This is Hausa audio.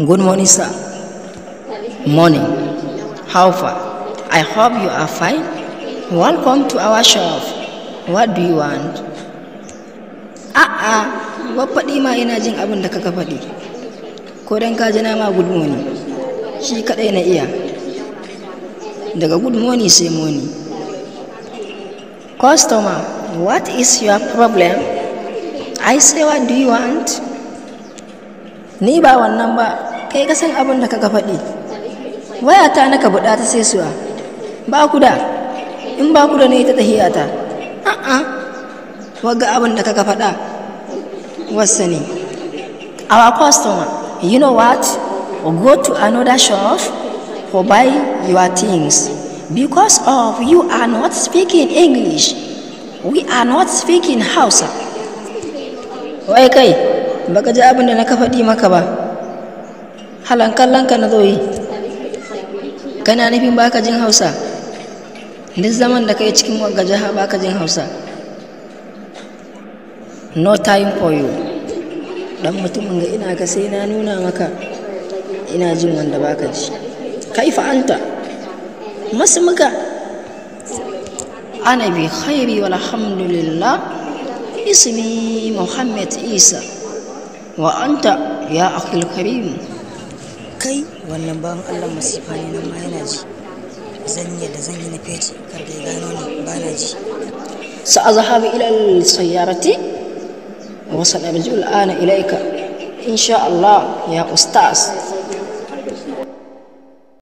Good morning, sir. Morning. How far? I hope you are fine. Welcome to our shop. What do you want? A'a, faɗi ma ina jin abin da kaka faɗi. Ko dan ka ji nama good morning. Shi kaɗai na iya. Daga good morning sai morning. Customer, what is your problem? I say what do you want? Ni ba wannan ba. kai ka san abin da ka faɗi wayata ta naka buɗa ta sai suwa ba ku da in ba ku da ne ta tahiyata a'a waga abin da ka faɗa wasu ne our customer you know what go to another shop for buy your things because of you are not speaking english we are not speaking hausa wai kai baka ji abin da na ka faɗi maka ba halan ka na zoyi kana nufin baka jin hausa duk zaman da kai cikin wagga jiha baka jin hausa no time for you dan mutumin ga ina ka sai na nuna maka ina jin wanda baka ji kaifa anta masu muka ana bi khairi alhamdulillah. ismi muhammad isa wa anta ya akhil karim kai wannan bayan allah masifa ne nan ma yana ji zan yi da zan yi na fece kar da gano ni ba na ji سأذهب sayyarati wa وسنرجع al ana إن insha Allah ya ustaz